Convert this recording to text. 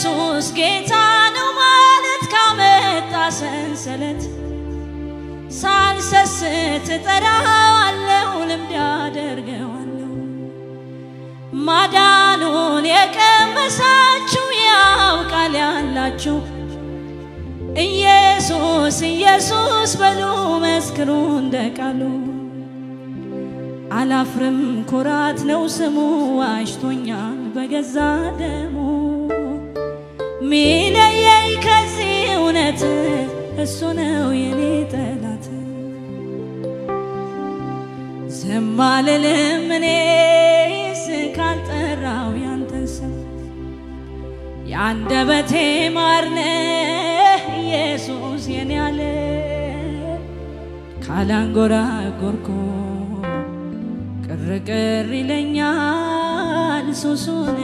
ኢየሱስ ጌታ ነው ማለት ካመጣ ሰንሰለት ሳልሰስት እጠራዋለሁ፣ ልምድ አደርገዋለሁ። ማዳኑን የቀመሳችሁ ያው ቃል ያላችሁ ኢየሱስ ኢየሱስ በሉ መስክሩ እንደ ቃሉ። አላፍርም ኩራት ነው ስሙ ዋጅቶኛል በገዛ ደሙ ሚለየይ ከዚህ እውነት እሱ ነው የኔ ጠላት። ዝም አልልም እኔስ ካልጠራው ያንተን ስም የአንደበቴ ማር ነህ ኢየሱስ የኔ አለ ካላንጎራጎርኩ ቅርቅር ይለኛል ሱሱነ